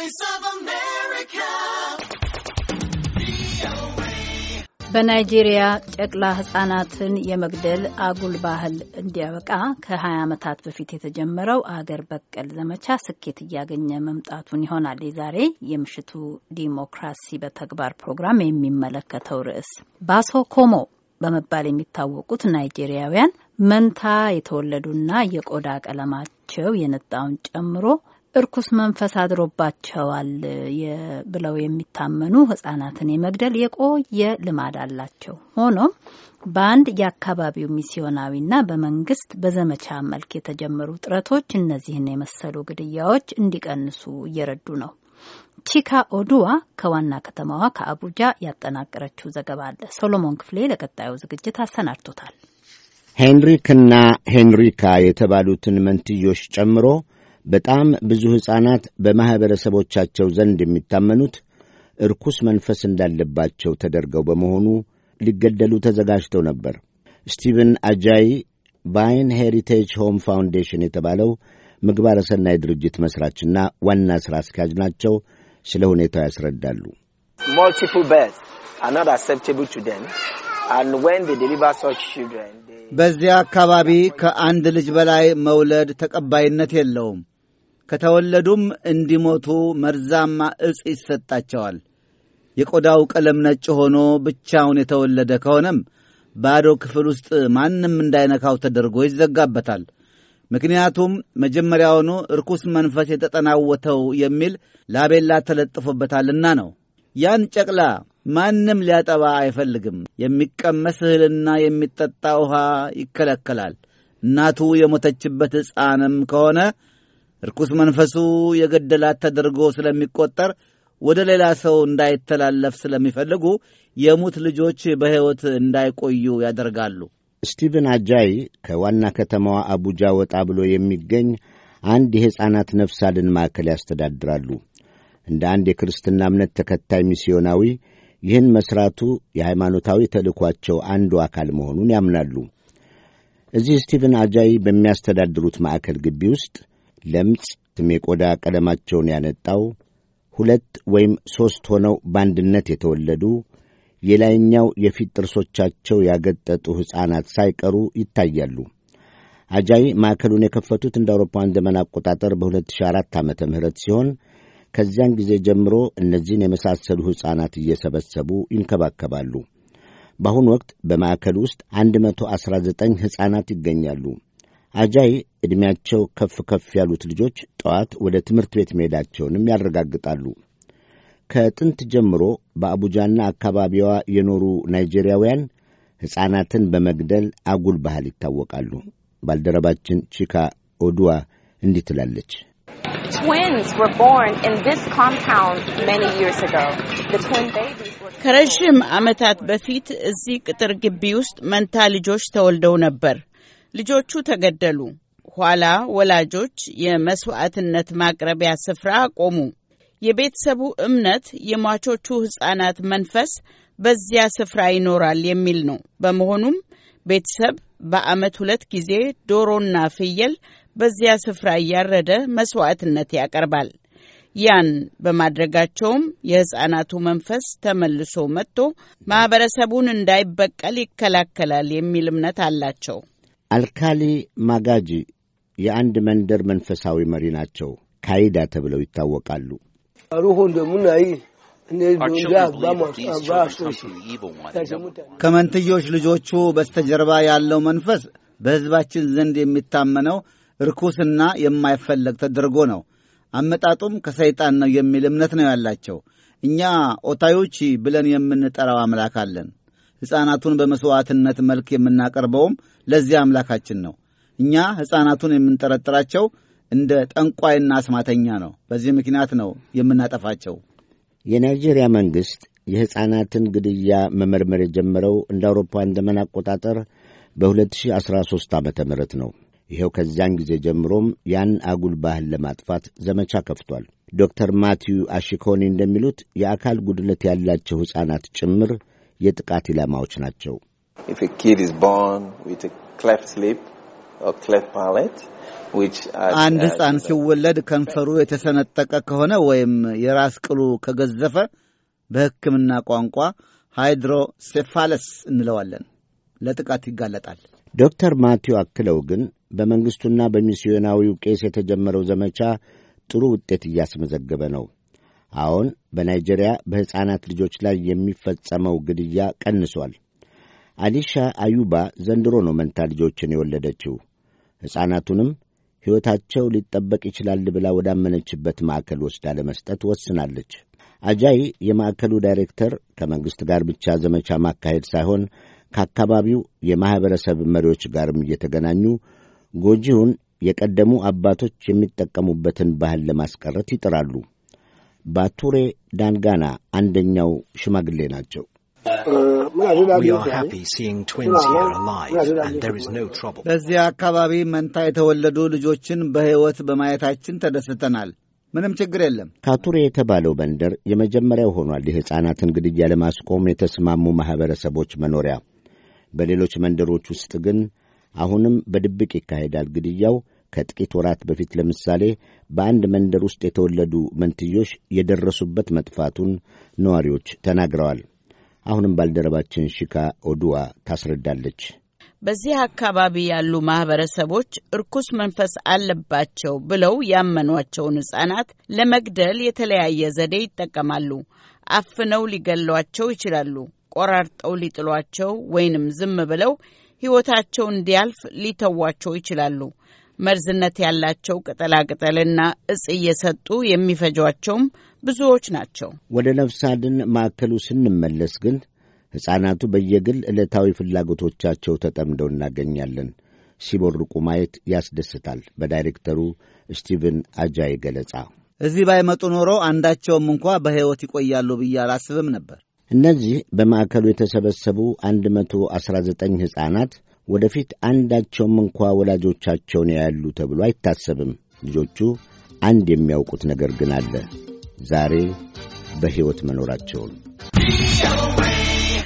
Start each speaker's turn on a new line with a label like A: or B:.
A: Voice of America. በናይጄሪያ ጨቅላ ህጻናትን የመግደል አጉል ባህል እንዲያበቃ ከ20 ዓመታት በፊት የተጀመረው አገር በቀል ዘመቻ ስኬት እያገኘ መምጣቱን ይሆናል የዛሬ የምሽቱ ዲሞክራሲ በተግባር ፕሮግራም የሚመለከተው ርዕስ ባሶ ኮሞ በመባል የሚታወቁት ናይጄሪያውያን መንታ የተወለዱና የቆዳ ቀለማቸው የነጣውን ጨምሮ እርኩስ መንፈስ አድሮባቸዋል ብለው የሚታመኑ ህጻናትን የመግደል የቆየ ልማድ አላቸው። ሆኖም በአንድ የአካባቢው ሚስዮናዊና በመንግስት በዘመቻ መልክ የተጀመሩ ጥረቶች እነዚህን የመሰሉ ግድያዎች እንዲቀንሱ እየረዱ ነው። ቺካ ኦዱዋ ከዋና ከተማዋ ከአቡጃ ያጠናቀረችው ዘገባ አለ። ሶሎሞን ክፍሌ ለቀጣዩ ዝግጅት አሰናድቶታል።
B: ሄንሪክና ሄንሪካ የተባሉትን መንትዮች ጨምሮ በጣም ብዙ ሕፃናት በማኅበረሰቦቻቸው ዘንድ የሚታመኑት እርኩስ መንፈስ እንዳለባቸው ተደርገው በመሆኑ ሊገደሉ ተዘጋጅተው ነበር። ስቲቨን አጃይ ቫይን ሄሪቴጅ ሆም ፋውንዴሽን የተባለው ምግባረ ሰናይ ድርጅት መሥራችና ዋና ሥራ አስኪያጅ ናቸው። ስለ ሁኔታው ያስረዳሉ።
C: በዚያ አካባቢ ከአንድ ልጅ በላይ መውለድ ተቀባይነት የለውም። ከተወለዱም እንዲሞቱ መርዛማ እጽ ይሰጣቸዋል። የቆዳው ቀለም ነጭ ሆኖ ብቻውን የተወለደ ከሆነም ባዶ ክፍል ውስጥ ማንም እንዳይነካው ተደርጎ ይዘጋበታል። ምክንያቱም መጀመሪያውኑ ርኩስ መንፈስ የተጠናወተው የሚል ላቤላ ተለጥፎበታልና ነው። ያን ጨቅላ ማንም ሊያጠባ አይፈልግም። የሚቀመስ እህልና የሚጠጣ ውሃ ይከለከላል። እናቱ የሞተችበት ሕፃንም ከሆነ ርኩስ መንፈሱ የገደላት ተደርጎ ስለሚቆጠር ወደ ሌላ ሰው እንዳይተላለፍ ስለሚፈልጉ የሙት ልጆች በሕይወት እንዳይቆዩ ያደርጋሉ።
B: ስቲቨን አጃይ ከዋና ከተማዋ አቡጃ ወጣ ብሎ የሚገኝ አንድ የሕፃናት ነፍስ አድን ማዕከል ያስተዳድራሉ። እንደ አንድ የክርስትና እምነት ተከታይ ሚስዮናዊ ይህን መሥራቱ የሃይማኖታዊ ተልእኳቸው አንዱ አካል መሆኑን ያምናሉ። እዚህ ስቲቨን አጃይ በሚያስተዳድሩት ማዕከል ግቢ ውስጥ ለምጽ የቆዳ ቀለማቸውን ያነጣው ሁለት ወይም ሦስት ሆነው በአንድነት የተወለዱ የላይኛው የፊት ጥርሶቻቸው ያገጠጡ ሕፃናት ሳይቀሩ ይታያሉ። አጃይ ማዕከሉን የከፈቱት እንደ አውሮፓውያን ዘመን አቆጣጠር በ2004 ዓ ም ሲሆን ከዚያን ጊዜ ጀምሮ እነዚህን የመሳሰሉ ሕፃናት እየሰበሰቡ ይንከባከባሉ። በአሁኑ ወቅት በማዕከል ውስጥ 119 ሕፃናት ይገኛሉ። አጃይ ዕድሜያቸው ከፍ ከፍ ያሉት ልጆች ጠዋት ወደ ትምህርት ቤት መሄዳቸውንም ያረጋግጣሉ። ከጥንት ጀምሮ በአቡጃና አካባቢዋ የኖሩ ናይጄሪያውያን ሕፃናትን በመግደል አጉል ባህል ይታወቃሉ። ባልደረባችን ቺካ ኦዱዋ እንዲህ ትላለች።
A: ከረዥም ዓመታት በፊት እዚህ ቅጥር ግቢ ውስጥ መንታ ልጆች ተወልደው ነበር። ልጆቹ ተገደሉ። ኋላ ወላጆች የመስዋዕትነት ማቅረቢያ ስፍራ አቆሙ። የቤተሰቡ እምነት የሟቾቹ ሕፃናት መንፈስ በዚያ ስፍራ ይኖራል የሚል ነው። በመሆኑም ቤተሰብ በዓመት ሁለት ጊዜ ዶሮና ፍየል በዚያ ስፍራ እያረደ መስዋዕትነት ያቀርባል። ያን በማድረጋቸውም የሕፃናቱ መንፈስ ተመልሶ መጥቶ ማኅበረሰቡን እንዳይበቀል ይከላከላል የሚል እምነት አላቸው።
B: አልካሊ ማጋጂ የአንድ መንደር መንፈሳዊ መሪ ናቸው። ካይዳ ተብለው ይታወቃሉ።
C: ከመንትዮች ልጆቹ በስተጀርባ ያለው መንፈስ በሕዝባችን ዘንድ የሚታመነው ርኩስና የማይፈለግ ተደርጎ ነው። አመጣጡም ከሰይጣን ነው የሚል እምነት ነው ያላቸው። እኛ ኦታዮቺ ብለን የምንጠራው አምላክ አለን። ሕፃናቱን በመሥዋዕትነት መልክ የምናቀርበውም ለዚያ አምላካችን ነው። እኛ ሕፃናቱን የምንጠረጥራቸው እንደ ጠንቋይና አስማተኛ ነው። በዚህ ምክንያት ነው የምናጠፋቸው።
B: የናይጄሪያ መንግሥት የሕፃናትን ግድያ መመርመር የጀመረው እንደ አውሮፓውያን ዘመን አቆጣጠር በ2013 ዓ ም ነው። ይኸው ከዚያን ጊዜ ጀምሮም ያን አጉል ባህል ለማጥፋት ዘመቻ ከፍቷል። ዶክተር ማቲዩ አሺኮኒ እንደሚሉት የአካል ጉድለት ያላቸው ሕፃናት ጭምር የጥቃት
C: ኢላማዎች ናቸው። አንድ ሕፃን ሲወለድ ከንፈሩ የተሰነጠቀ ከሆነ ወይም የራስ ቅሉ ከገዘፈ በሕክምና ቋንቋ ሃይድሮሴፋለስ እንለዋለን፣ ለጥቃት ይጋለጣል።
B: ዶክተር ማቴው አክለው ግን በመንግሥቱና በሚስዮናዊው ቄስ የተጀመረው ዘመቻ ጥሩ ውጤት እያስመዘገበ ነው። አሁን በናይጄሪያ በሕፃናት ልጆች ላይ የሚፈጸመው ግድያ ቀንሷል። አሊሻ አዩባ ዘንድሮ ነው መንታ ልጆችን የወለደችው። ሕፃናቱንም ሕይወታቸው ሊጠበቅ ይችላል ብላ ወዳመነችበት ማዕከል ወስዳ ለመስጠት ወስናለች። አጃይ የማዕከሉ ዳይሬክተር ከመንግሥት ጋር ብቻ ዘመቻ ማካሄድ ሳይሆን ከአካባቢው የማኅበረሰብ መሪዎች ጋርም እየተገናኙ ጎጂውን የቀደሙ አባቶች የሚጠቀሙበትን ባህል ለማስቀረት ይጥራሉ። ባቱሬ ዳንጋና አንደኛው ሽማግሌ ናቸው።
C: በዚያ አካባቢ መንታ የተወለዱ ልጆችን በሕይወት በማየታችን ተደስተናል። ምንም ችግር የለም።
B: ካቱሬ የተባለው መንደር የመጀመሪያው ሆኗል የሕፃናትን ግድያ ለማስቆም የተስማሙ ማኅበረሰቦች መኖሪያ። በሌሎች መንደሮች ውስጥ ግን አሁንም በድብቅ ይካሄዳል ግድያው። ከጥቂት ወራት በፊት ለምሳሌ በአንድ መንደር ውስጥ የተወለዱ መንትዮች የደረሱበት መጥፋቱን ነዋሪዎች ተናግረዋል። አሁንም ባልደረባችን ሽካ ኦዱዋ ታስረዳለች።
A: በዚህ አካባቢ ያሉ ማህበረሰቦች እርኩስ መንፈስ አለባቸው ብለው ያመኗቸውን ሕፃናት ለመግደል የተለያየ ዘዴ ይጠቀማሉ። አፍነው ሊገሏቸው ይችላሉ። ቆራርጠው ሊጥሏቸው ወይንም ዝም ብለው ሕይወታቸው እንዲያልፍ ሊተዋቸው ይችላሉ። መርዝነት ያላቸው ቅጠላቅጠልና እጽ እየሰጡ የሚፈጇቸውም ብዙዎች ናቸው።
B: ወደ ነፍስ አድን ማዕከሉ ስንመለስ ግን ሕፃናቱ በየግል ዕለታዊ ፍላጎቶቻቸው ተጠምደው እናገኛለን። ሲቦርቁ ማየት ያስደስታል። በዳይሬክተሩ ስቲቭን አጃይ ገለጻ
C: እዚህ ባይመጡ ኖሮ አንዳቸውም እንኳ በሕይወት ይቆያሉ ብዬ አላስብም ነበር።
B: እነዚህ በማዕከሉ የተሰበሰቡ 119 ሕፃናት ወደፊት አንዳቸውም እንኳ ወላጆቻቸውን ያያሉ ተብሎ አይታሰብም። ልጆቹ አንድ የሚያውቁት ነገር ግን አለ፣ ዛሬ በሕይወት መኖራቸውን።